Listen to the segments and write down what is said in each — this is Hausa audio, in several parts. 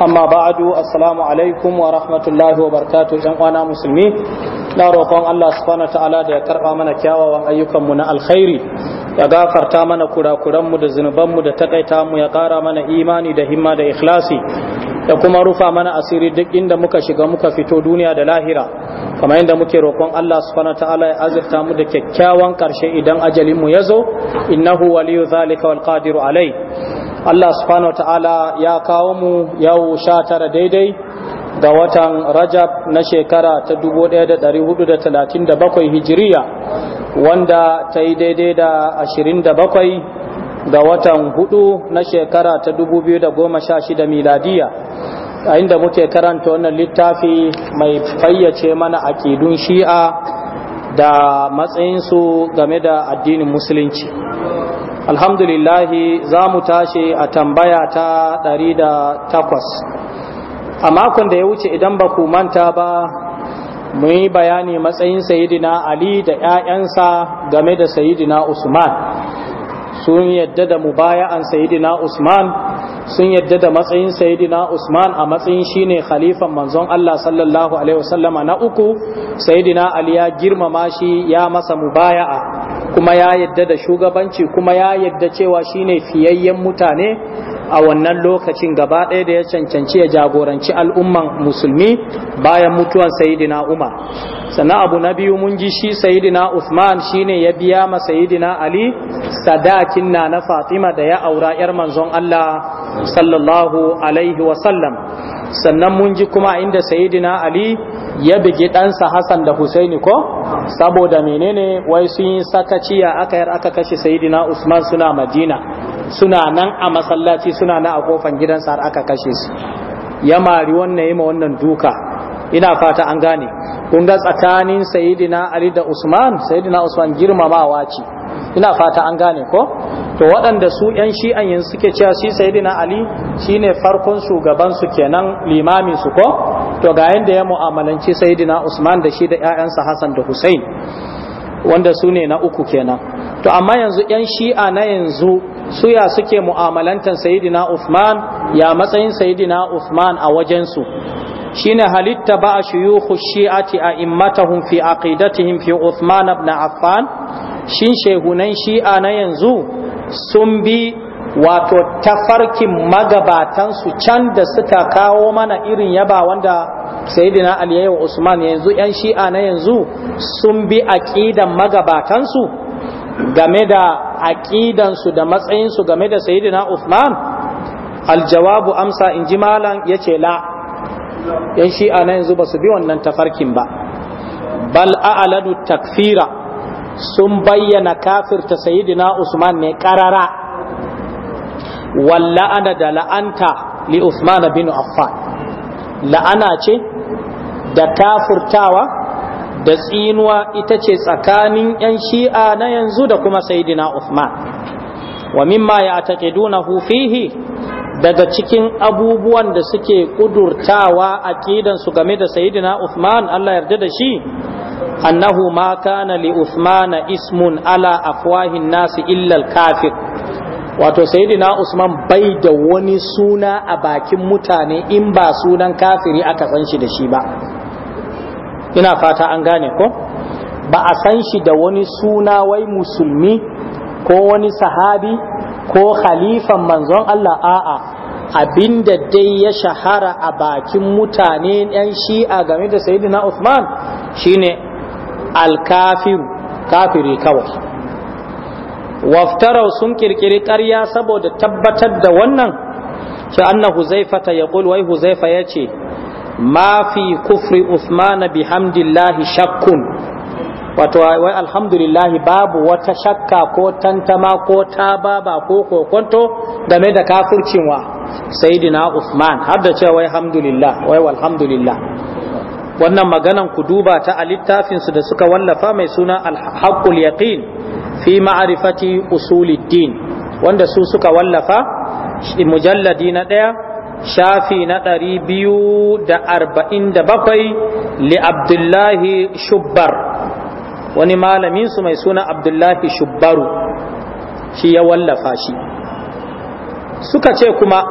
amma ba'adu assalamu alaikum wa rahmatullahi wa barakatuh yan uwana musulmi na roƙon Allah subhanahu ta'ala da ya karba mana kyawawan ayyukanmu na alkhairi ya gafarta mana kurakuran mu da zunuban mu da takaita mu ya ƙara mana imani da himma da ikhlasi da kuma rufa mana asiri duk inda muka shiga muka fito duniya da lahira kamar inda muke roƙon Allah subhanahu ta'ala ya azurta mu da kyakkyawan ƙarshe idan ajalin mu ya zo innahu waliyu zalika wal qadiru alai Allah subhanahu wa ta'ala ya kawo mu yau sha tara daidai ga watan Rajab na shekara ta 1437 Hijiriya wanda ta yi daidai da 27 ga watan hudu na shekara ta 2016 miladiya a inda muke karanta wannan littafi mai fayyace mana aƙidun shi'a da matsayinsu game da addinin musulunci alhamdulillahi za mu tashi a tambaya ta ɗari da takwas a makon da ya wuce idan ba ku manta ba mu yi bayani matsayin sayidina ali da 'ya'yansa game da sayidina usman sun yadda da mubaya'an sayidina usman sun yadda da matsayin sayidina usman a matsayin shine khalifan manzon Allah sallallahu alaihi wasallama na uku sayidina ali ya girmama shi ya masa mubaya'a kuma ya yadda da shugabanci kuma ya yadda cewa shine fiyayyen mutane a wannan lokacin gaba ɗaya da ya cancanci ya jagoranci al'umman musulmi bayan mutuwan sayidina umar sannan abu na biyu mun ji shi sayidina usman shine ya biya ma sayidina ali sadakin na na fatima da ya aura yar manzon allah sallallahu alaihi wasallam sannan mun ji kuma inda sayidina ali ya bigi ɗansa hassan da husaini ko saboda menene wai sun yi sakaci ya aka yar aka kashe sayidina usman suna madina suna nan a masallaci suna nan a kofan gidansa har aka kashe su ya mari wannan yi ma wannan duka ina fata an gane kun tsakanin sayidina ali da usman sayidina usman girmamawa ce ina fata an gane ko to waɗanda su yan shi'an yanzu suke cewa shi sayidina ali shine farkon shugaban su kenan limamin su ko to ga yanda ya mu'amalanci sayidina usman da shi da ƴaƴansa hasan da husain wanda su ne na uku kenan to amma yanzu yan shi'a na yanzu su ya suke mu'amalantan sayidina usman ya matsayin sayidina usman a wajen su shine halitta ba a shuyukhu shi'ati a immatahum fi aqidatihim fi Uthman ibn Affan shin shehunan shi'a na yanzu sun bi wato tafarkin magabatansu can da suka kawo mana irin yaba wanda sayyidina Ali yayin Usman yanzu yan shi'a na yanzu sun bi aqidan magabatansu game da su da matsayinsu game da saidina Usman aljawabu amsa in malam yace la yan shi'a na yanzu ba su bi wannan tafarkin ba bal aladu takfira sun bayyana kafirta sayyidina usman ne karara walla'ana da la'anta li usman bin affan la'ana ce da kafirtawa da tsinuwa ita ce tsakanin 'yan shi'a na yanzu da kuma Sayyidina Usman. wa mimma ya taƙiduna fihi daga cikin abubuwan da suke kudurtawa su game da sayyidina Uthman Allah yarda da shi annahu ma kana li Uthman ismun ala afwahin nasi illa al-kafir wato sayyidina Usman bai da wani suna a bakin mutane in ba sunan kafiri aka san shi da shi ba ina fata an gane ko ba a san shi da wani suna wai musulmi ko wani sahabi ko khalifan manzon Allah a'a abinda dai ya shahara a bakin mutane yan shi'a game da sayyidina Usman, shine alkafir kafiri kawai waftarau sun kirkiri ƙarya saboda tabbatar da wannan shi anna huzaifata ya wai huzaifa ya ce ma fi kufri Uthman bi hamdillahi shakkun wato wai alhamdulillahi babu wata shakka ko tantama ko tababa ko kokonto game da kafircin wa sayyidina Usman har da cewa wai alhamdulillah wai walhamdulillah wannan maganan ku duba ta a littafin su da suka wallafa mai suna al yaqin fi ma'rifati usuliddin wanda su suka wallafa mujalladi na daya shafi na ɗari biyu da arba'in da bakwai li abdullahi shubbar wani malamin su mai suna abdullahi shubbaru shi ya wallafa shi suka ce kuma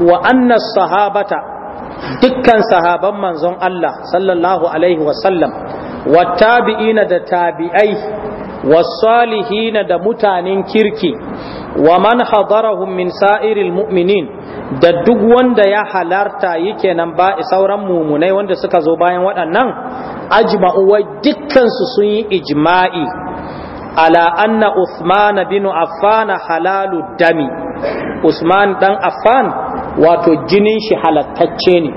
wa annas sahabata dukkan sahaban manzon Allah sallallahu alaihi wasallam wa tabi'ina da tabi'ai wasalihina da mutanen kirki wa man hadarahum min sa'iril mu'minin da duk wanda ya halarta yake nan ba sauran mumunai wanda suka zo bayan waɗannan ajma'u wai dukkansu sun yi ijma'i ala anna Uthman bin Afana halalu dami Usman dan Affan wato jinin shi halattacce ne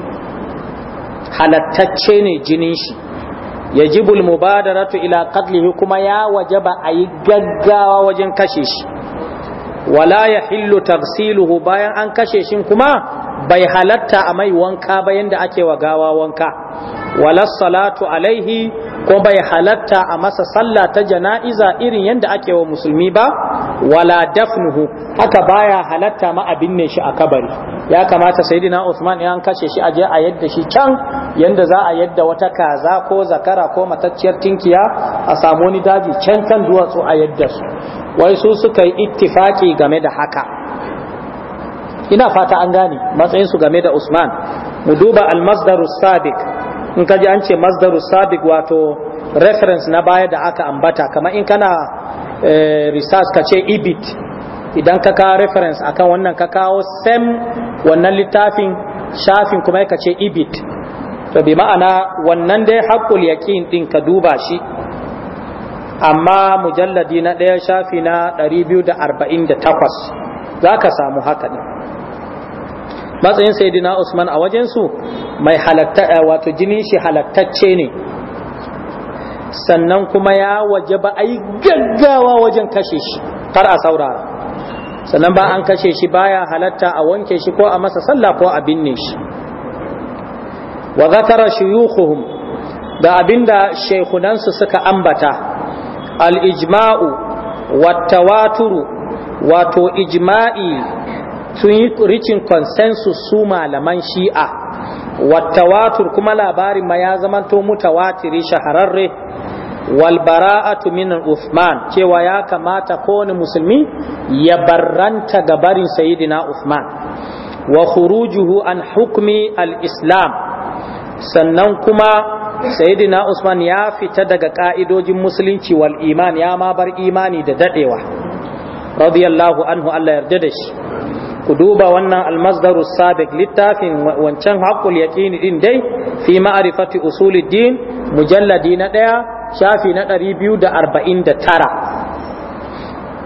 halattacce ne jinin shi yajibu mubadaratu ila qatlihi kuma ya wajaba ayi gaggawa wajen kashe shi wala yahillu tafsiluhu bayan an kashe shi kuma bai halarta a mai wanka ba yanda ake wa gawa wanka wala salatu alaihi ko bai halarta a masa sallah ta jana'iza irin yadda ake wa musulmi ba wala dafnuhu haka baya halatta ma abin ne shi a kabari ya kamata sayyidina Usman ya kashe shi aje a yadda shi can yanda za a yadda wata kaza ko zakara ko matacciyar tinkiya a samu ni daji can kan duwatsu a yadda su wai su suka yi ittifaki game da haka ina fata an gane matsayin su game da Usman mu duba al-masdarus sabiq in ka ji an ce masdaru sabiq wato reference na baya da aka ambata kamar in kana eh, research ka ce ibit idan ka kawo reference akan wannan ka kawo sem wannan littafin shafin kuma ka ce ibit to bi ma'ana wannan dai haƙƙul yaƙin ɗin ka duba shi amma mujalladi na ɗaya shafi na 248 za ka samu haka ne matsayin sayyidina usman a wajensu mai halatta eh, wato jini shi halattacce ne sannan kuma ya waje ba a yi gaggawa wajen kashe shi kar a saurara sannan ba an kashe shi baya halatta a wanke shi ko a masa sallah ko a binne shi wa zakara shuyukhuhum da abinda su suka ambata al ijma'u wat tawaturu wato ijma'i sun yi ricin consensus su malaman shi'a watawatur kuma labarin ma ya zamanto mutawatiri shahararre walbara'atu bara'atu min Uthman cewa ya kamata kowane musulmi ya barranta ga barin sayyidina Uthman wa khurujuhu an hukmi al-islam sannan kuma sayyidina Usman ya fita daga ka'idojin musulunci wal iman ya ma bar imani da dadewa radiyallahu anhu Allah yarda da shi ku duba wannan almasdaru sabiq littafin wancan haqqul yaqini din dai fi ma'rifati usuluddin mujalladi na daya shafi na 249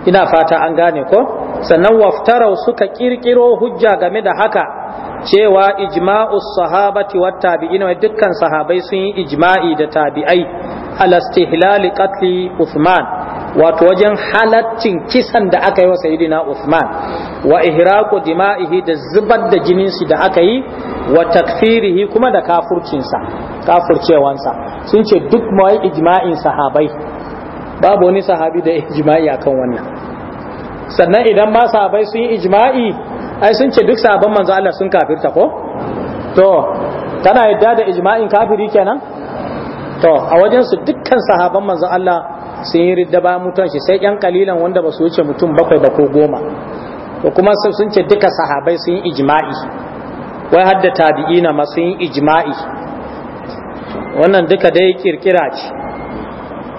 ina fata an gane ko sannan waftarau suka kirkiro hujja game da haka cewa ijma'u sahabati wat tabi'ina dukkan sahabai sun yi ijma'i da tabi'ai ala istihlali qatli Uthman wato wajen halaccin kisan da aka yi wa sayidina Uthman wa ihraqu dima'ihi da zubar da jinin shi da aka yi wa takfirihi kuma da kafurcinsa kafurcewansa sun ce duk mai ijma'in sahabai babu wani sahabi da ijma'i akan wannan sannan idan ma sahabai sun yi ijma'i ai sun ce duk sahabban manzo Allah sun kafirta ko to kana yadda da ijma'in kafiri kenan to a wajen su dukkan sahabban manzo Allah sun yi ridda ba mutuwan shi sai yan kalilan wanda ba su wuce mutum bakwai ba ko goma to kuma sun ce duka sahabai sun yi ijma'i wai hadda tabi'ina ma sun yi ijma'i wannan duka dai kirkira ce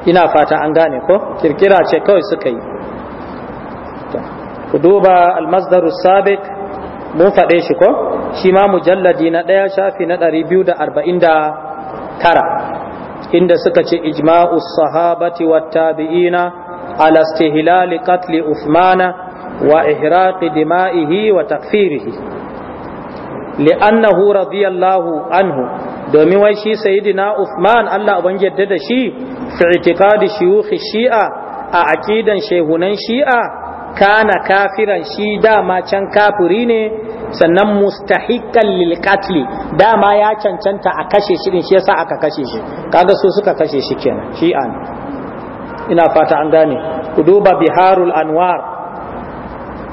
ina fata an gane ko kirkira ce kawai suka yi ku duba almasdaru sabik mun faɗe shi ko shi ma mujalladi na ɗaya shafi na ɗari biyu da arba'in da tara inda suka ce ijma'u sahabati wat tabi'ina ala istihlali qatl Uthmana wa ihraqi dima'ihi wa takfirihi li'annahu radiyallahu anhu domin wai shi sayyidina Uthman Allah uban yarda da shi fi itiqadi shuyukh shi'a a aqidan shehunan shi'a kana kafiran shi dama can kafuri ne sannan mustahiqqan lil dama ya cancanta a kashe shi din shi yasa aka kashe shi kaga su suka kashe shi kenan shi an ina fata an gane ku duba biharul anwar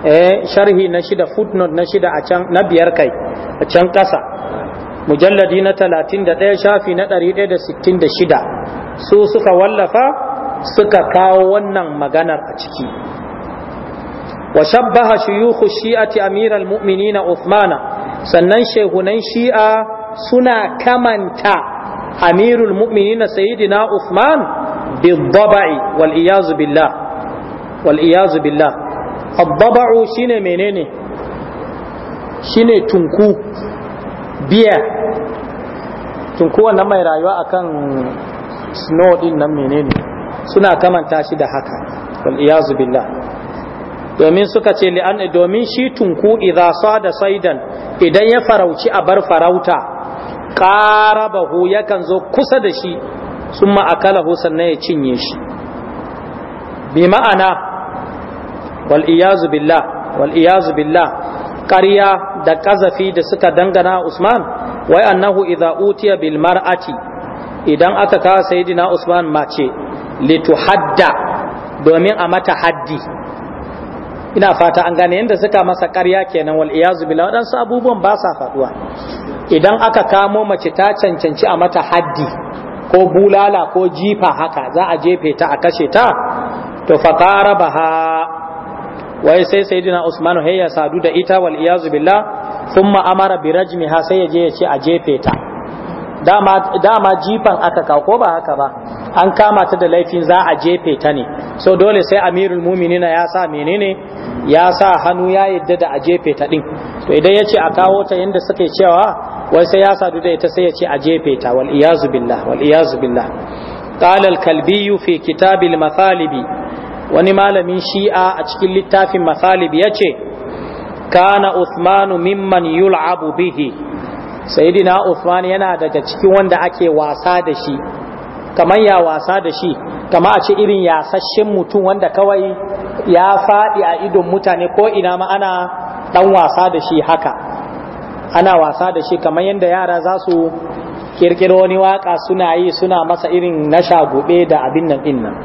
eh sharhi na shida footnote na shida a can na biyar kai a can kasa mujalladi na 31 shafi na 166 su suka wallafa suka kawo wannan maganar a ciki wa shabbaha shuyukhu shi'ati amiral mu'minina Uthmana sannan shehunan shi'a suna kamanta amirul mu'minina sayyidina Uthman Bi dabai wal iyazu billah wal shine menene shine tunku biya tunku wannan mai rayuwa akan snow din nan menene suna kamanta shi da haka wal domin suka ce li'an domin shi tunku idza sada saidan idan ya farauci a bar farauta qarabahu yakan zo kusa da shi summa akalahu sannan ya cinye shi bi ma'ana wal billah wal ƙarya da ƙazafi da suka dangana Usman wai annahu idza utiya bil mar'ati idan aka kawo sayidina Usman mace lituhadda domin a mata haddi ina fata an gane yadda suka masa karya kenan wal iyazu billah waɗansu abubuwan ba sa faɗuwa idan aka kamo mace ta cancanci a mata haddi ko bulala ko jifa haka za a jefe ta a kashe ta to fa ha wai sai sayyidina Usman hayya sadu da ita wal iyazu billah thumma amara bi ha sai yaje je ya ce a jefe ta dama jifan aka kawo ko ba haka ba an kama ta da laifin za a jefe ta ne so dole sai amirul muminina ya sa menene ya sa hannu ya yadda da a jefe ta din to idan ya ce a kawo ta yadda suke cewa wai sai ya sadu da ita sai ya ce a jefe ta wal iyazu billah wal iyazu billah kalbi fi kitabil mathalibi wani malamin shi'a a cikin littafin mathalib yace kana usmanu mimman yul'abu bihi sayidina Uthman yana daga cikin wanda ake wasa da shi kamar ya wasa da shi kamar a ce irin yasashen mutum wanda kawai ya faɗi a idon mutane ko ina ma ana ɗan wasa da shi haka ana wasa da shi kamar yadda yara za su kirkiro wani waka suna yi suna masa irin na shagube da abin nan din nan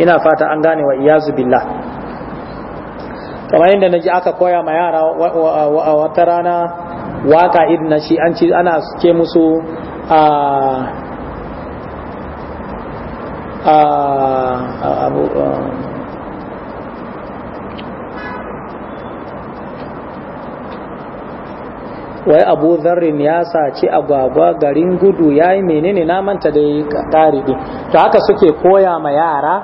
ina fata an gane wa iyazu billah kamar yadda na naji aka koya ma yara wata rana waka irin na shi an ci ana ce musu a wai abu zarrin ya saci agwagwa garin gudu ya yi menene na manta da ƙari to haka suke koya ma yara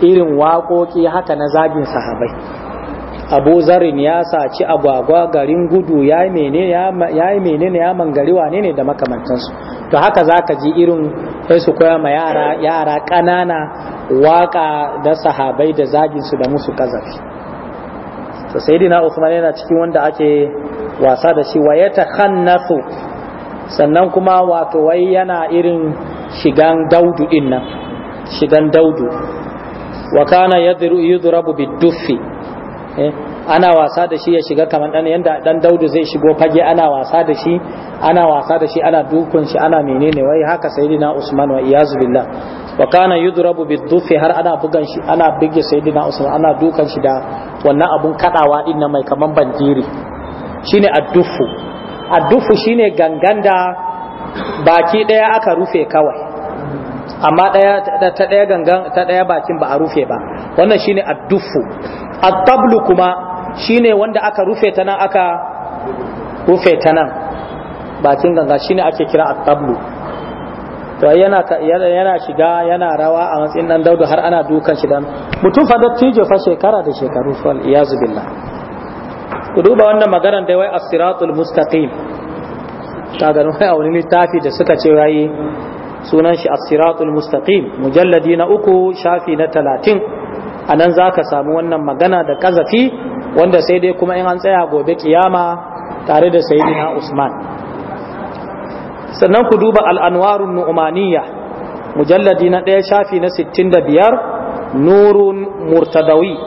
irin waƙoƙi haka na zagin sahabai abu zarin ya saci agwagwa garin gudu ya yi menene ya mangariwa ne ne da makamantansu to haka za ka ji irin sai su koya ma yara ƙanana waka da sahabai da zaginsu da musu kazafi to sai dina usman yana cikin wanda ake wasa da shi wa hannasu sannan kuma wato wai yana irin shigan daudu din nan shigan daudu wa kana bid-duffi Eh, ana wasa da shi ya shiga kamar dan yanda dan daudu zai shigo fage ana wasa da shi ana wasa da shi ana dukun shi ana menene wai haka sayyidina usman wa iyazu billah wa kana yudrabu har ana bugan shi ana bige sayyidina usman ana dukan shi da wannan abun kadawa din mai kaman bandiri shine addufu addufu shine da baki daya aka rufe kawai amma ta daya gangan ta daya bakin ba a rufe ba wannan shine addufu at kuma shine wanda aka rufe ta nan aka rufe ta nan bakin ganga shine ake kira at-tablu to yana yana shiga yana rawa a matsayin dan daudu har ana dukan shi dan mutum fa dattijo fa shekara da shekaru fa iyazu billah ku duba wannan maganar da wai as-siratul mustaqim ta ga wai a wani littafi da suka ce wai sunan shi as-siratul mustaqim mujalladi na uku shafi na talatin a nan za ka samu wannan magana da kazafi wanda sai dai kuma in an tsaya gobe kiyama tare da sayidina usman sannan ku duba al'anwarun nu'umaniya mujalladi na ɗaya shafi na 65 nurun murtadawi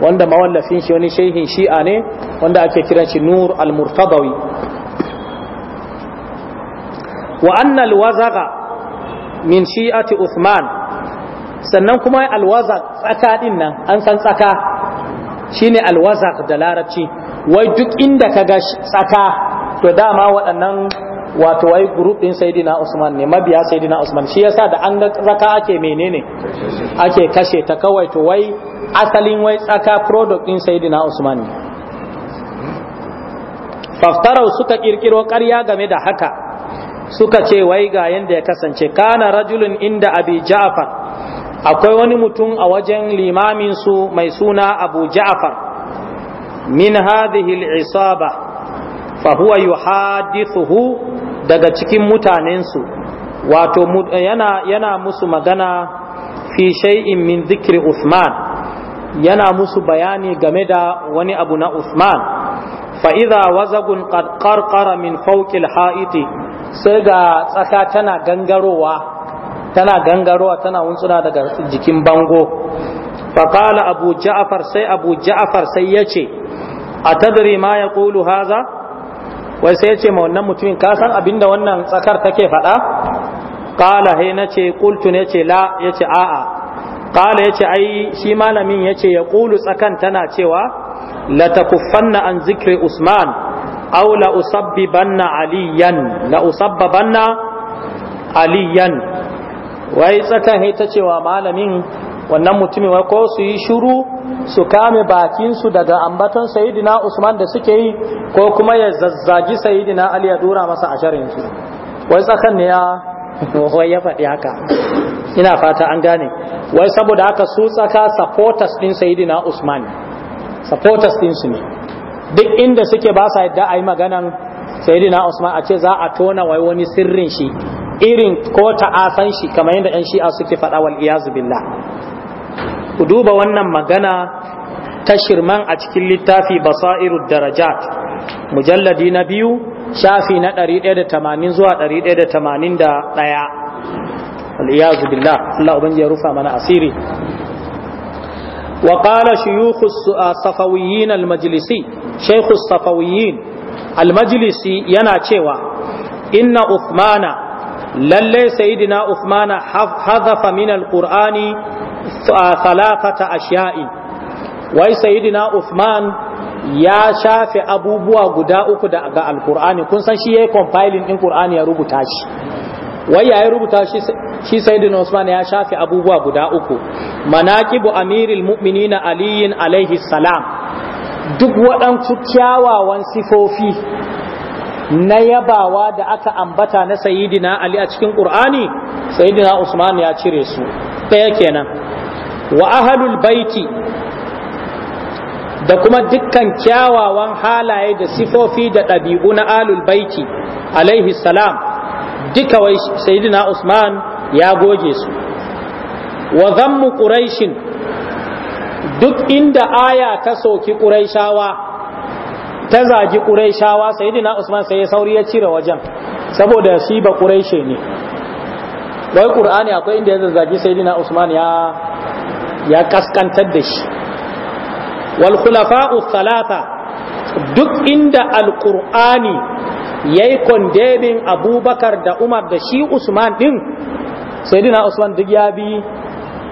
wanda mawallafin shi wani shehin shi'a ne wanda ake kiran shi nur al-murtadawi wa annal wazaga min shi'ati Usman. sannan kuma alwazaq tsaka din nan an san tsaka shine alwaza da larabci wai duk inda ka ga tsaka to dama waɗannan wato wai group din sayyidina Usman ne mabiya sayyidina Usman shi yasa da an ga tsaka ake menene ake kashe ta kawai to wai asalin wai tsaka product din sayyidina Usman ne faftarau suka kirkiro ƙarya game da haka suka ce wai ga yanda ya kasance kana rajulun inda abi ja'far akwai wani mutum a wajen limamin su mai suna abu ja'far min hadhihi al-isaba fa huwa yuhadithuhu daga cikin mutanensu wato yana yana musu magana fi shay'in min dhikri Usman? yana musu bayani game da wani abu na Usman? fa wazagun qad min fawqi al-ha'iti sai ga tsaka tana gangarowa tana gangarowa tana wuntsuna daga jikin bango faƙala abu ja'afar sai abu ja'afar sai ya a tadri ma ya ƙulu haza wai sai ya ma wannan mutumin ka san abinda wannan tsakar take faɗa ƙala he na ce ƙultu ne la ya ce a'a ƙala ya ce ai shi malamin yace ya ƙulu tsakan tana cewa la takuffanna an zikri usman aw la usabbibanna aliyan la usabbabanna aliyan wai tsakan ta cewa malamin wannan mutumin wai ko su yi shiru su kame bakinsu daga ambaton sayidina usman da suke yi ko kuma ya zazzagi sayidina ali ya dora masa asharinsu wai tsakan ne ya wai ya faɗi haka ina fata an gane wai saboda haka su tsaka supporters din sayidina usman supporters din su ne duk inda suke ba sa yadda a yi maganan sayidina usman a ce za a tona wai wani sirrin shi irin ko asan shi kamar yadda 'yan shi'a suke faɗa wal iyazu billah ku duba wannan magana ta shirman a cikin littafi basairu darajat mujalladi na biyu shafi na 180 zuwa 181 والعياذ بالله mana asiri. رفع من أسيري وقال شيوخ الصفويين المجلسي شيخ الصفويين المجلسي ينا cewa inna Uthmana. lalle sayyidina Uthman hadafa min alqur'ani thalathata ashya'i wai sayyidina Uthman ya shafe abubuwa guda uku daga alqur'ani kun san shi yayi compiling din qur'ani ya rubuta shi wai yayi rubuta shi shi sayyidina Uthman ya shafe abubuwa guda uku manaqibu amiril mu'minina aliyin alaihi salam duk waɗansu kyawawan sifofi na yabawa da aka ambata na sayidina ali a cikin qur'ani sayidina usman ya cire su ɗaya kenan wa ahlul baiti da kuma dukkan kyawawan halaye da sifofi da ɗabi'u na alul baiti alaihi salam duka wai sayidina usman ya goge su wa zammu quraishin duk inda aya ta soki quraishawa ta zagi ƙuraishawa dina usman sai ya sauri ya cire wajen saboda shi ba ƙuraishe ne wai ƙur'ani akwai inda ya sai dina usman ya kaskantar da shi wal khulafa'u duk inda ya yi kondebin abubakar da umar da shi usman din Saidina usman duk ya bi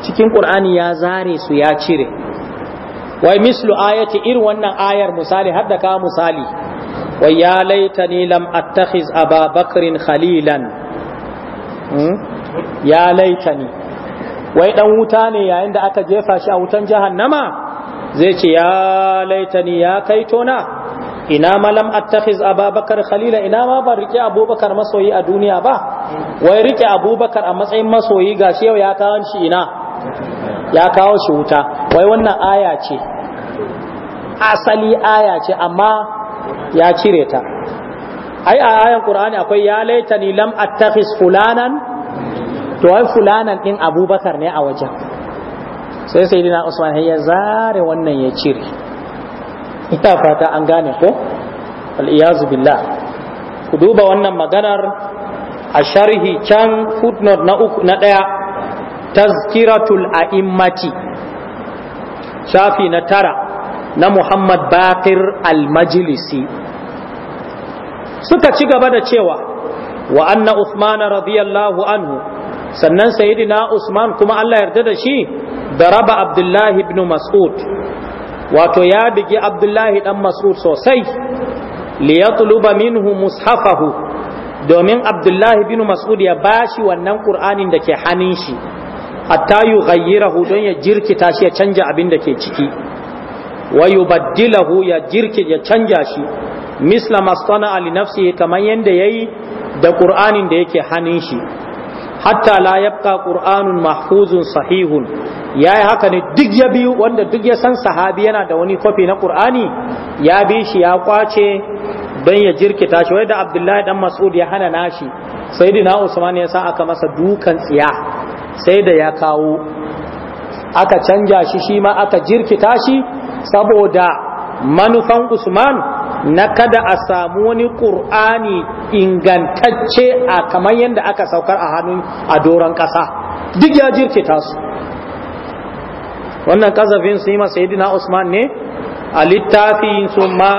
cikin ƙur'ani ya zare su ya cire wai mislu ayati irin wannan ayar misali hadda ka misali wai ya laitani lam attakhiz aba bakrin khalilan hmm? ya laitani wai dan wuta ne yayin da aka jefa shi a wutan jahannama zai ce ya laitani ya kaito na ina ma lam attakhiz ababakar khalila ina ma ban rike abubakar masoyi a duniya ba wai rike abubakar a matsayin masoyi gashi yau ya kawo shi ina ya kawo shi wuta wai wannan aya ce asali aya ce amma ya cire ta ai a ayan qur'ani akwai ya laitani lam attakhis fulanan to ai fulanan din abubakar ne a wajen sai sayyidina usman ya zare wannan ya cire ita fata an gane ko al iyazu billah ku duba wannan maganar a sharhi can footnote na uku na ɗaya tazkiratul a'immati shafi na tara na Muhammad Bakir al-Majlisi suka ci gaba da cewa wa anna Uthman radiyallahu anhu sannan sayyidina Usman kuma Allah yarda da shi da raba Abdullahi ibn Mas'ud wato ya bigi Abdullahi dan Mas'ud sosai li yatluba minhu mushafahu domin Abdullahi ibn Mas'ud ya bashi wannan Qur'anin da ke hannun shi hatta yughayyirahu don ya jirkita shi ya canja abin da ke ciki wa yubaddilahu ya jirki ya canja shi misla masana ali nafsi kamar yanda yayi da qur'anin da yake hannun shi hatta la yabqa qur'anun mahfuzun sahihun yayi haka ne duk ya biyu wanda duk ya san sahabi yana da wani kofi na qur'ani ya bi shi ya kwace don ya jirkita shi wai da abdullahi dan mas'ud ya hana nashi sayyidina usman ya sa aka masa dukan tsiya sai da ya kawo aka canja shi shi ma aka jirkita shi saboda manufan usman na kada a samu wani ƙur'ani ingantacce a kamar yadda aka saukar a hannun a doron ƙasa duk ya jirkita su wannan ƙazafin su yi masa yadina usman ne a littafin su ma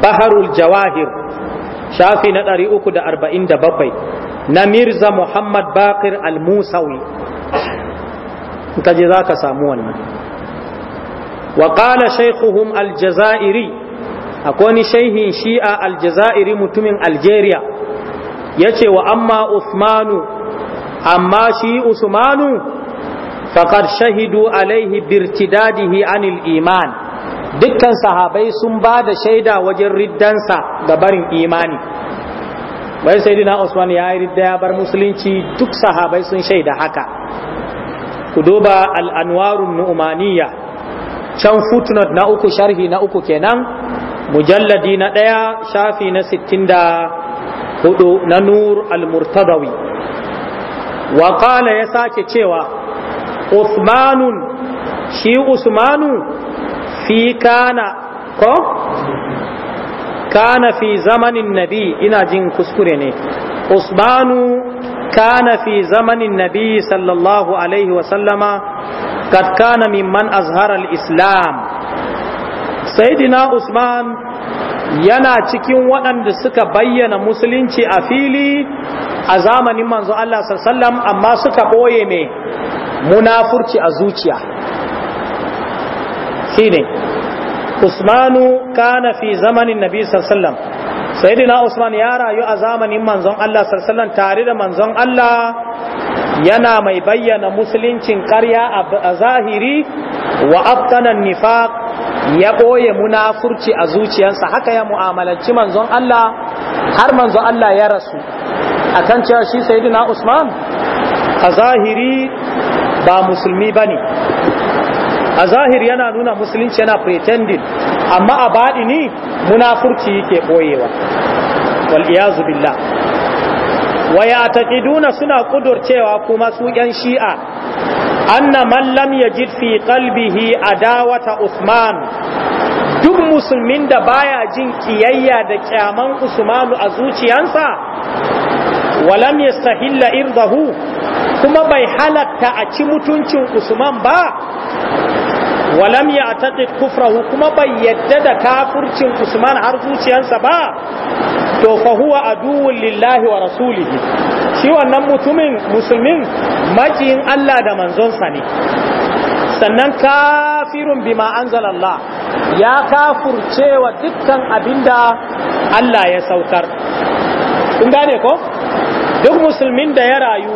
baharul jawahir shafi na 347 na mirza muhammad bakir al-musawi ka je za ka samu wannan wa qala shaykhuhum aljazairi akwai wani shaihin shi'a aljazairi mutumin algeria yace wa amma usmanu amma shi usmanu fakad shahidu alaihi birtidadihi anil iman dukkan sahabai sun ba da shaida wajen riddansa ga barin imani wai sayyidina usman ya yi ridda ya bar musulunci duk sahabai sun shaida haka ku duba al-anwarun nu'maniyya can footnote na uku sharhi na uku kenan mujalladi na ɗaya shafi na sittin da hudu na nur al-murtadawi wa qala ya sake cewa usmanun shi usmanu fi kana ko kana fi zamanin nabi ina jin kuskure ne usmanu kana fi zamanin nabi sallallahu alaihi wasallama وقد كان ممن أظهر الإسلام سيدنا عثمان yana cikin waɗanda suka bayyana musulunci a fili a zamanin manzo Allah sallam amma suka ɓoye mai munafurci a zuciya shine Usmanu kana fi zamanin Nabi sallam Sayyidina Usman ya rayu a zamanin manzon Allah sallam tare da manzon Allah yana mai bayyana musuluncin ƙarya a zahiri wa aftanan nifaq ya ɓoye munafurci a zuciyarsa haka ya mu'amalanci manzon Allah har manzon Allah ya rasu kan cewa shi sayyidina Usman a zahiri ba musulmi bane a zahiri yana nuna musulunci yana pretending amma a baɗi ni munafurci yake ɓoyewa wal billah wa taƙiduna suna ƙudurcewa kuma su yan shi'a anna man lam yajid fi qalbihi adawata usman duk musulmin da baya jin kiyayya da ƙyaman usmanu a zuciyansa walam yastahilla irdahu kuma bai halatta a ci mutuncin usman ba walam ya taƙi kufrahu kuma bai yadda da kafurcin usman har zuciyansa ba to fa huwa aduwwun lillahi wa rasulihi shi wannan mutumin musulmin makiyin Allah da manzonsa ne sannan kafirun bima anzala Allah ya kafurcewa dukkan abinda Allah ya saukar kun gane ko duk musulmin da ya rayu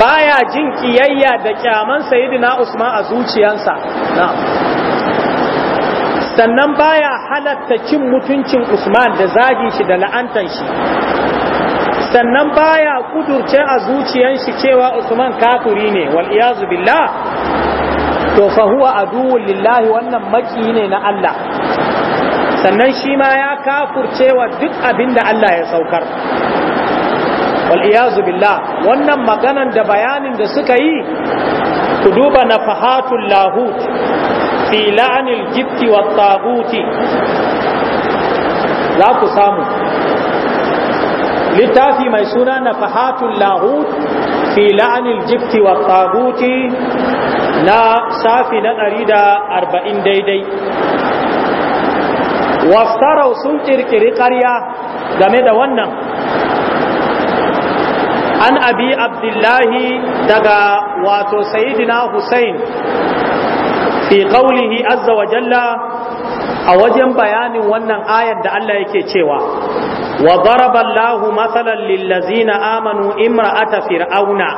baya jin kiyayya da kyaman sayyidina Usman a zuciyarsa na'am sannan baya halatta cin mutuncin Usman da zagin shi da la'antan shi sannan baya kudurce a zuciyan shi cewa Usman kafiri ne wal iyazu billah to fa huwa lillahi wannan maki ne na Allah sannan shi ma ya kafurcewa duk abin da Allah ya saukar wal iyazu billah wannan maganan da bayanin da suka yi ku duba nafahatul lahut fi la'anil jibti wa taguti za ku samu littafi mai suna na fahatun lahut fi la'anil jibti wa taguti na safi na ɗari da arba'in daidai waftarau sun ƙirƙiri ƙarya game da wannan an abi abdullahi daga wato sayidina Hussain. fi qawlihi azza wa jalla a wajen bayanin wannan ayar da Allah yake cewa wa daraba Allahu mathalan ladzina amanu imra'ata fir'auna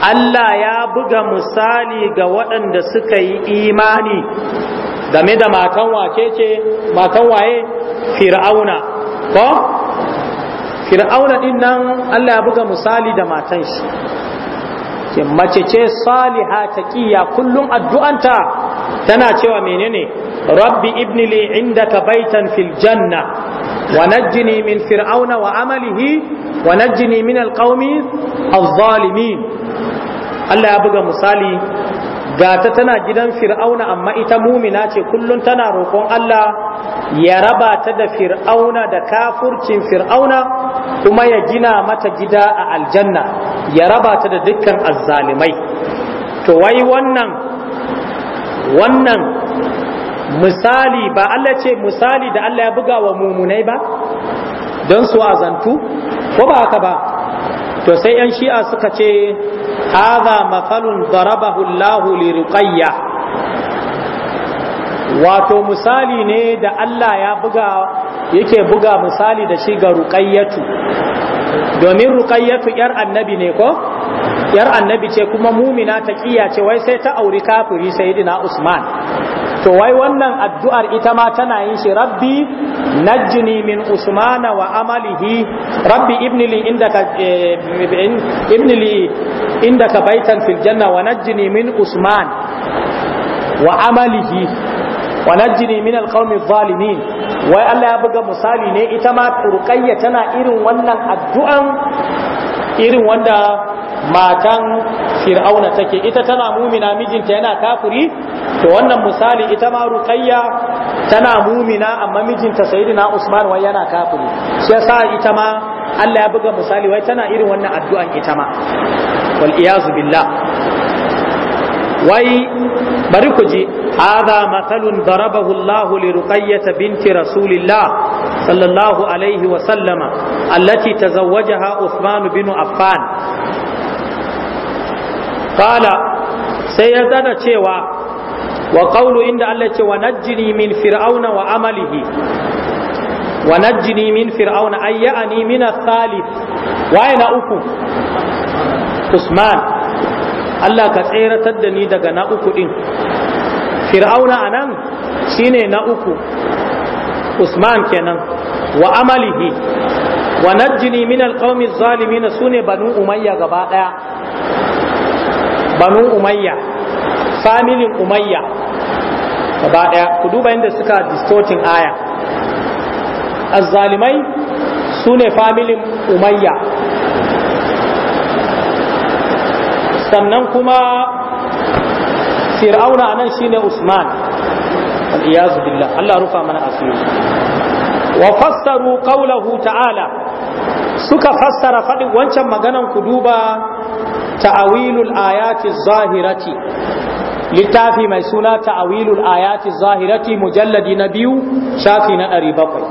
Allah ya buga misali ga waɗanda suka yi imani game da matan wake ce matan waye fir'auna ko fir'auna din Allah ya buga misali da matan shi ce mace ce saliha taqiya kullum addu'anta tana cewa menene rabbi ibni li indaka baitan fil janna wa najjini min fir'auna wa amalihi wa najjini min alqaumi adh-dhalimin Allah ya buga misali gata tana gidan fir'auna amma ita mumina ce kullum tana roƙon Allah ya raba ta da fir'auna da kafurcin fir'auna kuma ya gina mata gida a aljanna ya raba ta da dukkan azzalimai to wai wannan wannan misali ba Allah ce misali da Allah ya buga wa mumunai ba don su azantu ko ba haka ba to sai 'yan shi'a suka ce hadha mafalun darabahu Allah li wato misali ne da Allah ya buga yake buga misali da shi ga ruqayyatu domin ruqayyatu yar annabi ne ko yar annabi ce kuma mumina ta kiya ce wai sai ta auri kafiri sayyidina Usman to wai wannan addu'ar ita ma tana yin shi rabbi najjini min usmana wa amalihi rabbi ibni li indaka eh, ibni li indaka baitan fil janna wa najjini min usman wa amalihi wa najjini min al adh-dhalimin wai Allah ya buga misali ne ita ma turqayya tana irin wannan addu'an irin wanda matan fir'auna take ita tana mumina mijinta yana kafiri to wannan misali ita ma ruqayya tana mumina amma mijinta sayyidina usman wai yana kafiri shi yasa ita ma Allah ya buga misali wai tana irin wannan addu'an ita ma wal iyazu billah wai bari ku ji hadha mathalun darabahu Allah li ruqayyah binti rasulillah sallallahu alaihi wa sallama allati tazawwajaha Uthman bin Affan qala sai ya zana cewa wa qawlu inda Allah ce wa najjini min fir'auna wa amalihi wa najjini min fir'auna ayyani min ath-thalith wa na uku Usman Allah ka tseratar da ni daga na uku din fir'auna anan shine na uku Usman kenan wa amalihi wa najjini min alqawmi adh-dhalimin sune banu umayya gaba daya banu umayya familin umayya gaba daya ku duba inda suka distorting aya azzalimai su ne familin umayya sannan kuma fir'auna anan shine usman al-iyazu billah Allah rufa mana asiri wa fassaru qawluhu ta'ala suka fassara faɗin wancan maganan ku duba ta'awilul ayati zahirati littafi mai suna ta'awilul ayati zahirati mujalladi na biyu shafi na ɗari bakwai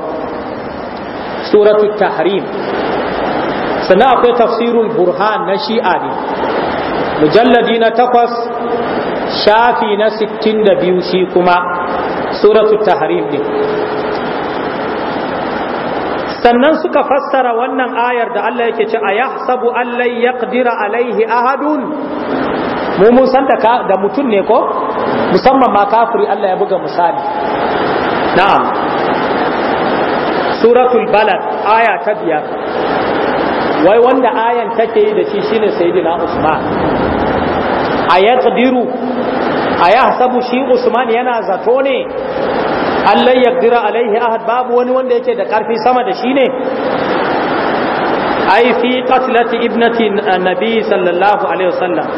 suratul tahrim sannan akwai tafsirul burhan na shi'a ne mujalladi na takwas shafi na sittin da biyu shi kuma suratul tahrim ne sannan suka fassara wannan ayar da Allah yake ce a Allah allai kadira alaihi ahadun hadun? mun san da mutum ne ko musamman ma kafiri Allah ya buga misali na'am suratul balad aya ta biyar wai wanda ayan take yi da shi shine sayyidina usman a yaqdiru a sabu shi usman yana zato ne Allah yaqdira alaihi ahad babu wani wanda yake da karfi sama da shi ne ai fi qatlati ibnati annabi sallallahu alaihi wasallam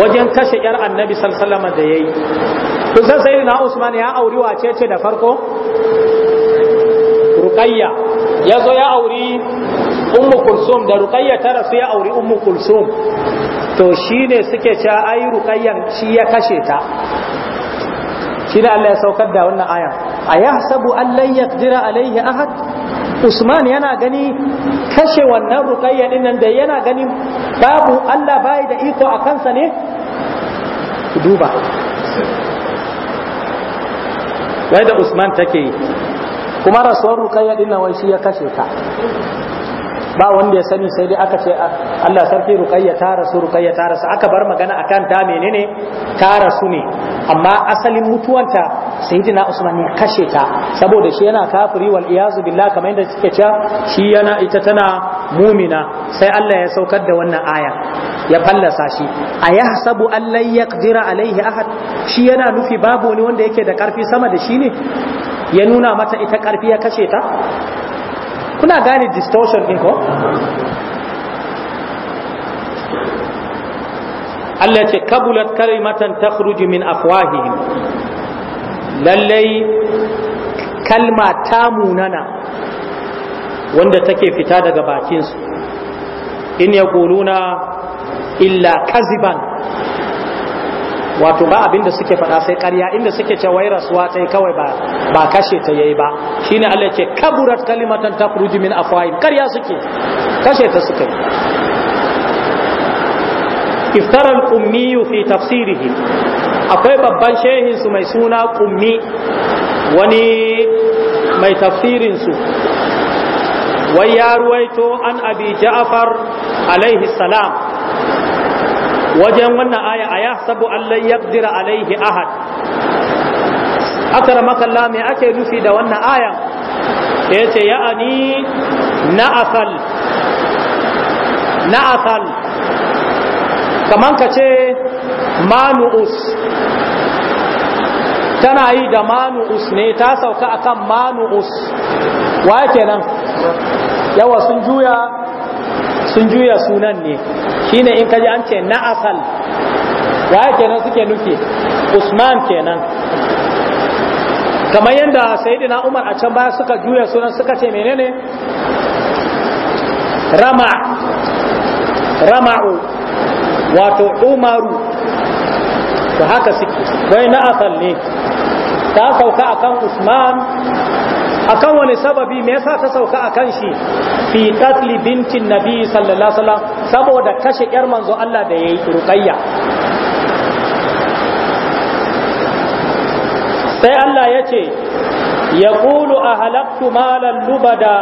wajen kashe yar annabi sallallahu alaihi wasallam da yayi kun san sayyidina Usman ya auri wace ce da farko Ruqayya ya zo ya auri Ummu Kulsum da Ruqayya ta rasu ya auri Ummu Kulsum to shine suke cewa ai Ruqayyan shi ya kashe ta shi ne Allah ya saukar da wannan aya a ya sabu Allah ya jira alaihi ahad Usman yana gani kashe wannan ruqayya din nan da yana gani babu Allah bai da iko a kansa ne duba wai da Usman take yi kuma rasuwar ruqayya din nan wai shi ya kashe ta ba wanda ya sani sai dai aka ce ah, Allah sarki ruqayya ta rasu ruqayya ta rasu aka bar magana akan ta menene ta rasu ne amma asalin mutuwanta sayyidina Usman ya kashe ta saboda shi yana kafiri wal iyazu billah kamar yadda suke cewa shi yana ita tana mumina sai Allah ya saukar da wannan aya ya fallasa shi a yahsabu an lan yaqdira alaihi ahad shi yana nufi babu wani wanda yake da karfi sama da shi ne ya nuna mata ita karfi ya kashe ta kuna gane distortion ɗin ko Allah ce kabulat kalimatan ta min afwahihim lallai kalma ta munana wanda take fita daga bakinsu in ya illa kaziban wato ba abin da suke faɗa sai ƙarya inda suke ce wai rasuwa ta yi kawai ba kashe ta yayi ba shine Allah yake kaburat kalimatan takhruju min afwahim ƙarya suke kashe ta suke. iftara al-ummi fi tafsirihi akwai babban shehin su mai suna ummi wani mai tafsirin su wai ya ruwaito an abi ja'far alaihi salam wajen wannan aya a yahsabu an lan yaqdira alaihi ahad akramaka Allah me ake nufi da wannan aya ce ya'ani na'asal na'asal kaman ka ce manu'us tana yi da manu'us ne ta sauka akan manu'us wa kenan yawa sun juya sunan ne shine in kaji an ce na asal waye kenan suke nufi usman kenan kamar yadda sayyidina umar a can baya suka juya sunan suka ce menene rama rama'u wato umaru to haka suke wai na asal ne ta sauka akan usman akan wani sababi me yasa ta sauka akan shi fi qatl bintin nabi sallallahu alaihi wasallam saboda kashe ƴar manzo Allah da yayi ruqayya sai Allah ya ce yaqulu ahlaktu malan lubada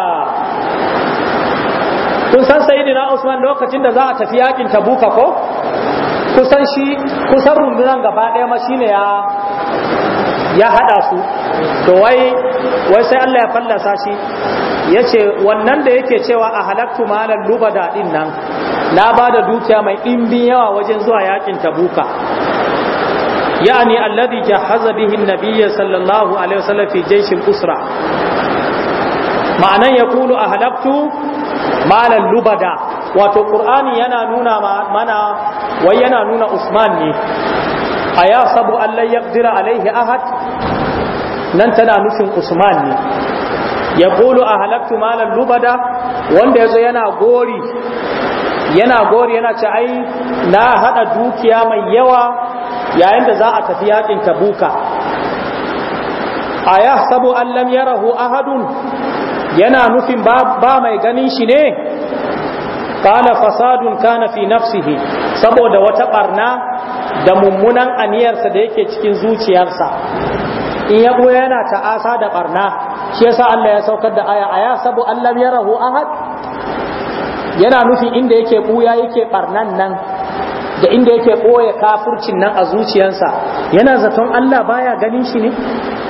kun san sayyidina Usman lokacin da za a tafi yakin Tabuka ko kusan shi kusan rundunan gaba ɗaya ma shine ya ya hada su to wai wai sai Allah ya fallasa shi yace wannan da yake cewa a halartu malan lubada din nan na ba da dukiya mai ɗimbin yawa wajen zuwa yakin tabuka ya'ani alladhi jahaza bihi an-nabiyya sallallahu alaihi wasallam fi jaysh al-usra ma'anan yaqulu ahlaktu malan lubada wato qur'ani yana nuna mana wai yana nuna usman ne a ya sabu allah yaqdira alaihi ahad nan tana nufin usman ne Ya kulu a halabtu malan lubada wanda ya zo yana gori yana gori yana ce ai na hada dukiya mai yawa yayin da za a tafi yakin tabuka a ya sabu allam ya rahu ahadun yana nufin ba mai ganin shi ne kana fasadun kana fi nafsihi saboda wata barna da mummunan aniyarsa da yake cikin zuciyarsa in ya yana ta'asa da barna shi yasa Allah ya saukar da aya aya sabu allam ya rahu ahad yana nufi inda yake buya yake barnan nan da inda yake boye kafurcin nan a zuciyarsa yana zaton Allah baya ganin shi ne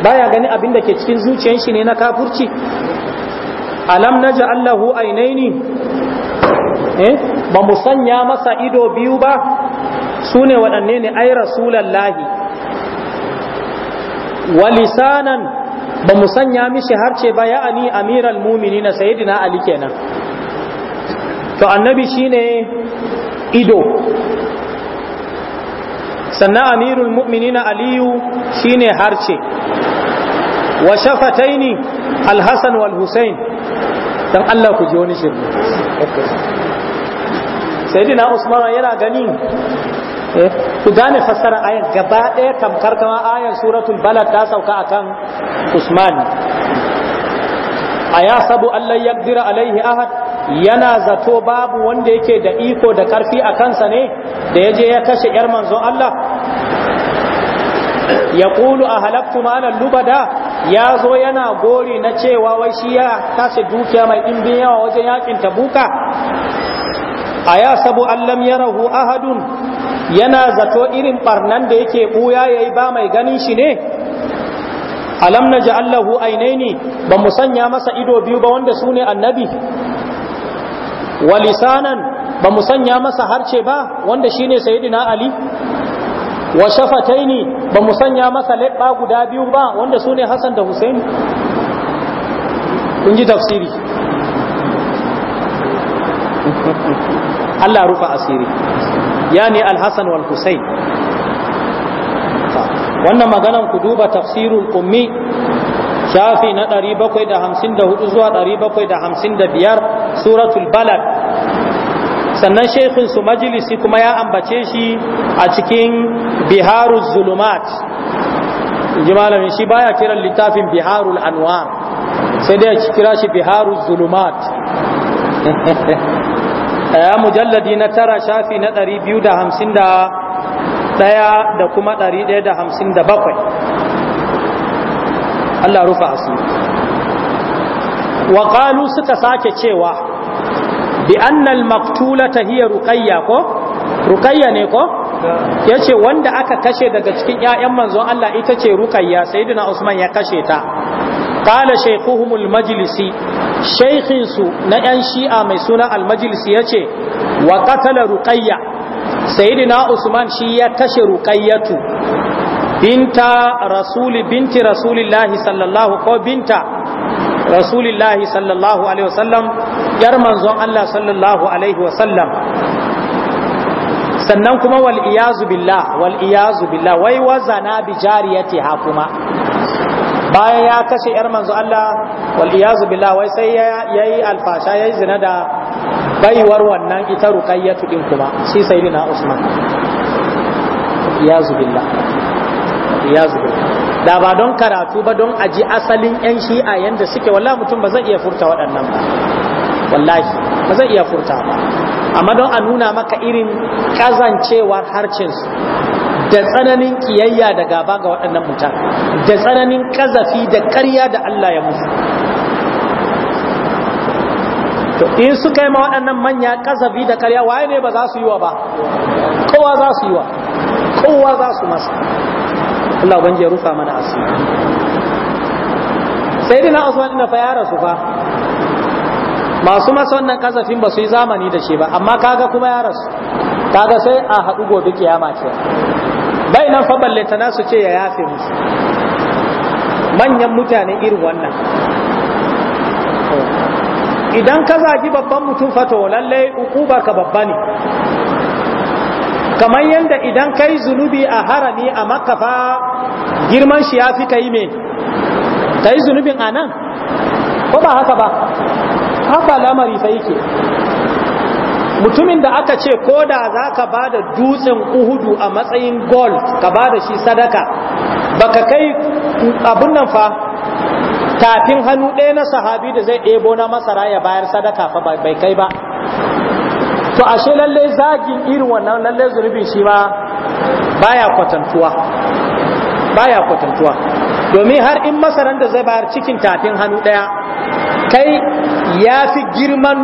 baya gani abin da ke cikin zuciyar shi ne na kafurci alam naja Allahu ainaini eh ba mu sanya masa ido biyu ba sune waɗanne ne ai rasulallahi walisanan ba mu sanya mishi harce ba ya'ani amiral mu'minina sayyidina ali kenan to annabi shine ido sannan amirul mu'minina aliyu shine harce wa shafataini alhassan wal husain Allah ku ji wani shirme sayyidina usman yana gani eh, ku gane fassara ayan gaba ɗaya tamkar kama ayan suratul balad ta sauka akan usman a ya sabu Allah ya gdira alaihi ahad yana zato babu wanda yake da iko da ƙarfi a kansa ne da ya je ya kashe ‘yar manzon Allah ya ƙulu a halaktu malar lubada ya zo yana gori na cewa wai shi ya kashe dukiya mai ɗimbin yawa wajen yakin tabuka a ya sabu allam ya rahu ahadun yana zato irin ɓarnan da yake ɓuya ya ba mai ganin shi ne alam na allahu ainihi ba mu sanya masa ido biyu ba wanda su ne annabi wa lisanan ba mu sanya masa harce ba wanda shine sayyidina ali wa shafataini ba mu sanya masa leɓa guda biyu ba wanda sune Hassan da Hussein kun ji tafsiri Allah rufa asiri Ya ne Alhassan wal Hussein wannan maganan ku duba tafsirul ummi shafi na ɗari bakwai da da hamsin hudu zuwa ɗari bakwai da da hamsin biyar suratul balad sannan su majalisi kuma ya ambace shi a cikin biharul zulumat ji malamin shi baya kiran littafin biharul anwa sai dai a kira shi biharul zulumat ya mujalladi na tara shafi na ɗari biyu da hamsin da da kuma ɗari ɗaya da da hamsin bakwai. Allah rufa wa suka sake cewa bi al maktulata hiya ruqayya ko ruqayya ne ko yace wanda aka kashe daga cikin ƴaƴan manzon Allah ita ce ruqayya sayyidina Usman ya kashe ta qala shaykhuhum al-majlisi shaykhin su na ƴan shi'a mai suna al-majlisi yace wa qatala ruqayya sayyidina Usman shi ya kashe ruqayyatu binta rasuli binti rasulillahi sallallahu ko binta rasulillahi sallallahu alaihi wasallam yar manzon Allah sallallahu alaihi wasallam sannan kuma wal iyazu billah wal iyazu billah wai wazana bi jariyatiha kuma bayan ya kashe yar manzo Allah wal iyazu billah wai sai yayi alfasha yayi zina da baiwar wannan ita ruqayyatu din kuma sai sayyidina Usman iyazu billah ya iyazu da ba don karatu ba don aji asalin yan shi'a yanda suke wallahi mutum ba zai iya furta waɗannan ba wallahi ba zai iya furta ba amma don a nuna maka irin kazancewar harcinsu da tsananin kiyayya da gaba ga waɗannan mutane da tsananin kazafi da ƙarya da Allah ya musu to in suka yi ma waɗannan manya kazafi da ƙarya waye ne ba za su yi wa ba kowa za su yi wa kowa za su masa Allah ban ya rufa mana asiri sayyidina Usman ina fa ya rasu fa masu masa wannan kasafin ba su yi zamani da shi ba amma kaga kuma ya rasu kaga sai a haɗu gobe kiyama ce bai nan fa balle ta su ce ya yafe musu manyan mutane irin wannan idan ka zagi babban mutum fato lalle ukubar ka babba ne kamar yadda idan kai zunubi a harami a makafa girman shi ya fi ka yi me ka yi zunubin a ko ba haka ba haka lamari sai yake mutumin da aka ce ko da za ka ba da dutsen uhudu a matsayin gold ka ba da shi sadaka baka kai abun nan fa tafin hannu ɗaya na sahabi da zai ɗebo na masara ya bayar sadaka fa bai kai ba to ashe lallai zagin irin wannan lallai zunubin shi ba, baya kwatantuwa baya kwatantuwa domin har in masaran da zai bayar cikin tafin hannu ɗaya kai ya fi girman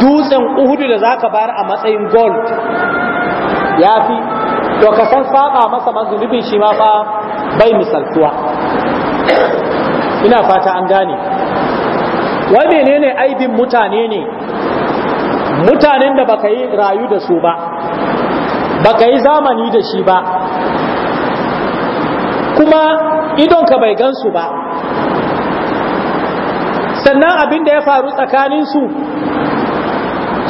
dutsen uhudu da za ka bayar a matsayin gold ya fi to ka san masa mazunubin shi ma fa bai misaltuwa ina fata an gane wai menene aibin mutane ne mutanen da baka yi rayu da su ba baka yi zamani da shi ba kuma idonka bai gansu ba sannan abin da ya faru tsakaninsu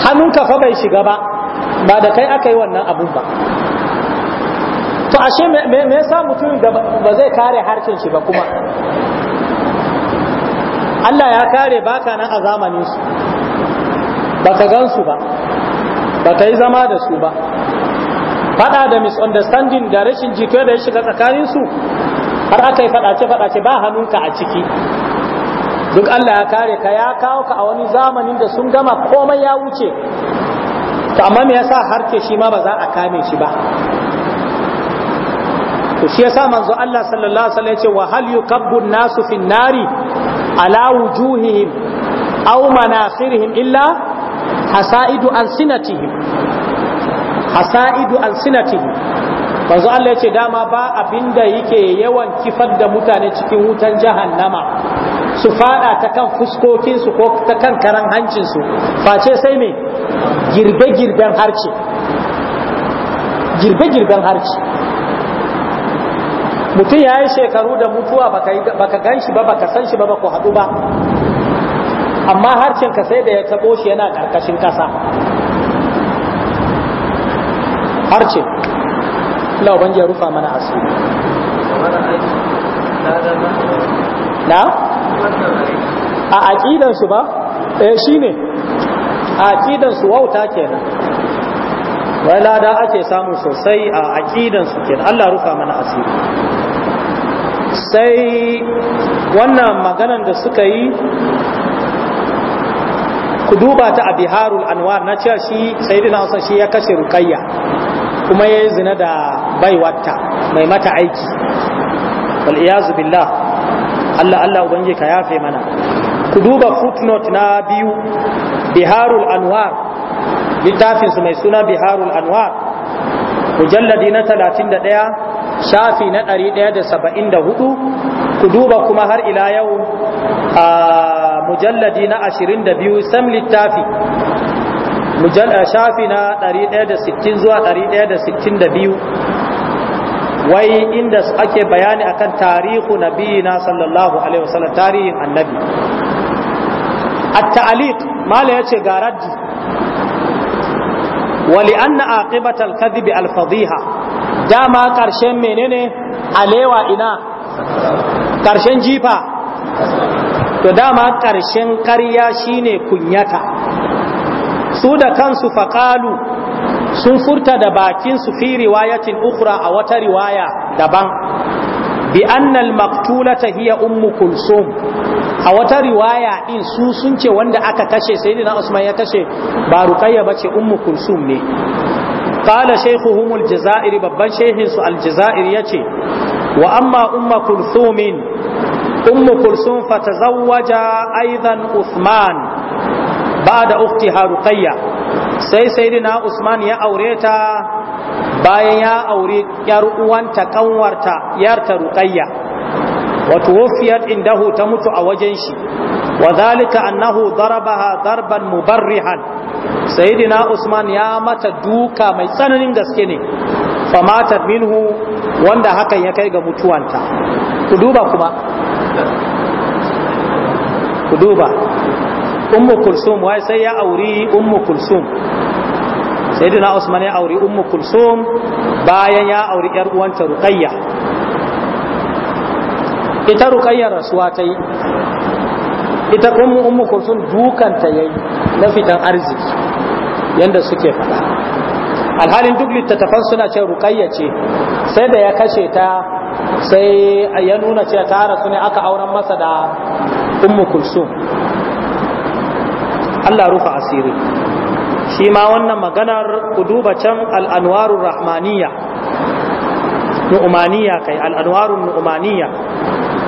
hannunka fa bai shiga ba ba da kai aka yi wannan abun ba to ashe me sa mutum da ba zai kare harshen shi ba kuma Allah ya kare baka nan a zamanin su baka gan su ba baka yi zama da su ba fada da misunderstanding da rashin jikiyar da ya shiga tsakaninsu. har aka yi faɗace-faɗace ba hannunka a ciki duk Allah ya kare ka ya kawo ka a wani zamanin da sun gama komai ya wuce to amma me yasa harke shi ma ba za a kame shi ba to shi yasa manzo Allah sallallahu alaihi wasallam ya wa hal yukabbu nasu fin nari ala wujuhihim aw manakhirihim illa hasaidu alsinatihim hasaidu alsinatihim manzo Allah ya ce dama ba abinda yake yawan kifar da mutane cikin wutan jahannama su fada ta kan fuskokinsu ko ta kan karan hancinsu face sai me girbe-girben harce girbe-girben harce mutum ya yi shekaru da mutuwa baka gan shi ba baka san shi ba baka haɗu ba amma harcin ka sai da ya taɓo shi yana ƙarƙashin ƙasa harce Allah ban ya rufa mana asiri na a aqidan su ba eh shine a aqidan su wauta kenan wai lada ake samu sosai a aqidan su kenan Allah rufa mana asiri sai wannan maganan da suka yi ku duba ta a biharul anwar na ce shi sayyidina Hassan shi ya kashe rukayya kuma ya yi zina da baiwarta mai mata aiki waliyazu billah Allah Allah ubangiji ka yafe mana ku duba footnote na biyu biharul anwar littafinsu mai suna biharul anwar mujalladi na 31 shafi na 174 ku duba kuma har ila yau a mujalladi na 22 sam littafi shafi na 160 zuwa 162 wai inda ake bayani akan tarihu nabiyina sallallahu alaihi wasallam tarihin annabi at-ta'liq mala yace ga raddi wali anna aqibata kadhib al-fadhiha dama karshen menene alewa ina karshen jifa to dama karshen ƙarya shine kunyata su da kansu faqalu sun furta da bakin su fi riwayatin ukhra a wata riwaya daban bi annal maqtulata hiya ummu kulsum a wata riwaya in su sun ce wanda aka kashe sayyidina usman ya kashe ba ba bace ummu kulsum ne qala shaykhuhum aljazairi babban shehin su aljazairi yace wa amma umma Kulsum ummu kulsum fatazawwaja aidan usman ba'da ukhtiha Rukayya. sai sayyidina usman ya aure ta bayan ya aure yar uwanta kanwarta yarta ruqayya wa tuwfiyat indahu ta mutu a wajen shi wa zalika annahu darabaha darban mubarrihan sayyidina usman ya mata duka mai tsananin gaske ne famata minhu wanda hakan ya kai ga mutuwanta ku duba kuma ku duba ummu kulsum wai sai ya auri ummu kulsum sayyidina usman ya auri ummu kulsum bayan ya auri yar uwanta ruqayya ita ruqayya rasuwa ta yi ita ummu ummu kulsum dukanta yayi na fitan arziki yanda suke faɗa alhalin duk littattafan suna ce ruqayya ce sai da ya kashe ta sai ya nuna cewa ta rasu ne aka auren masa da ummu kulsum Allah rufa asiri shi ma wannan maganar ku duba can al'anwarun rahmaniya nu'umaniya kai al'anwarun nu'umaniya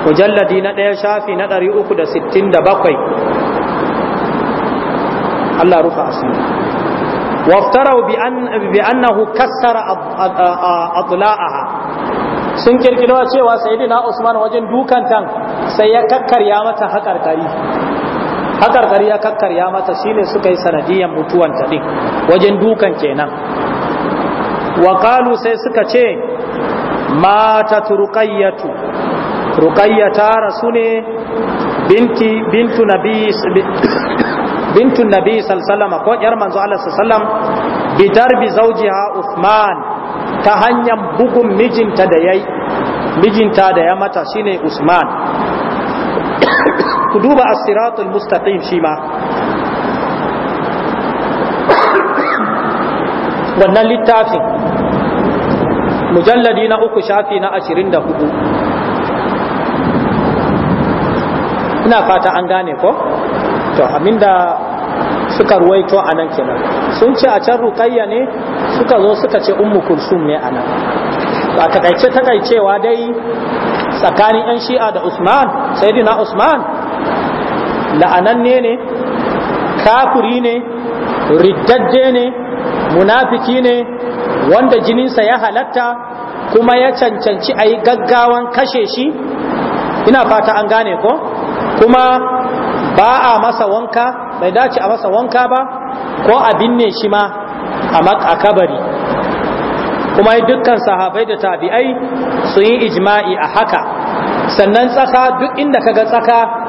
mujalladi na ɗaya shafi na ɗari uku da sittin da bakwai Allah rufa asiri waftarau bi annahu kassara adla'aha sun kirkiro cewa sayyidina Usman wajen dukantan sai ya kakkarya mata haƙarƙari hakarkari ya kakkarya mata shine suka yi sanadiyan mutuwan ta din wajen dukan kenan wa qalu sai suka ce mata turqayyatu ruqayyata rasule binti bintu nabi bintu nabi sallallahu ko yar manzo sallam bi darbi zawjiha usman ta hanyar bugun mijinta da yayi mijinta da ya mata shine Usman ku duba as-siratul mustaqim shi ma wannan littafin mujalladi na uku shafi na ashirin da hudu ina fata an gane ko to aminda suka ruwaito a nan kenan sun ce a can rukayya ne suka zo suka ce ummu kulsum ne a nan a takaice takaicewa dai tsakanin yan shi'a da usman sayyidina usman la'ananne ne kafiri ne riddajje ne munafiki ne wanda jininsa ya halatta kuma ya cancanci a yi gaggawan kashe shi ina fata an gane ko kuma ba a masa wanka bai dace a masa wanka ba ko a binne shi ma a kabari kuma dukkan sahabai da tabi'ai sun yi ijma'i a haka sannan tsaka duk inda kaga tsaka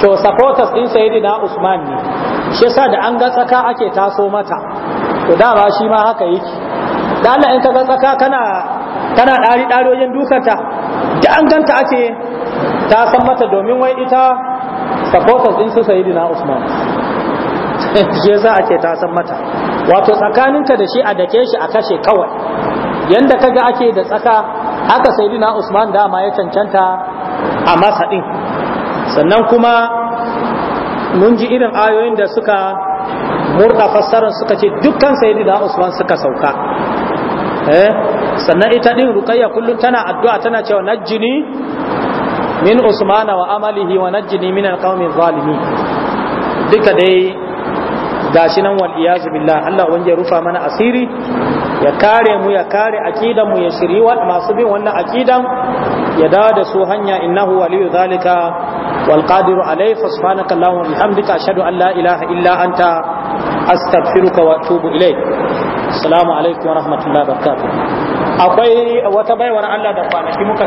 to supporters din sayyidina Usman ne shi yasa da an ga tsaka ake taso mata to da ba shi ma haka yake da Allah in ka ga tsaka kana kana dari dari wajen dukanta da an ganta ake ta san mata domin wai ita supporters din su sayyidina Usman shi yasa ake ta san mata wato tsakaninka da shi a dake shi a kashe kawai yanda kaga ake da tsaka haka sayyidina Usman dama ya cancanta a masa din sannan kuma mun ji irin ayoyin da suka murda fassarar suka ce dukkan da Usman suka sauka eh, sannan ita din ruqayya kullun tana addu'a tana cewa najjini min usmana wa amalihi wa najjini min alqawmi zalimi duka dai gashi nan wal iyazu billah Allah wanda ya rufa mana asiri ya kare mu ya kare aqidan mu ya shiri wa masu bin wannan aqidan ya dawo da su hanya innahu waliyu zalika wal qadiru alayhi fa subhanaka wa bihamdika ashhadu an la ilaha illa anta astaghfiruka wa atubu ilayk assalamu akwai wata baiwar Allah da kwanaki muka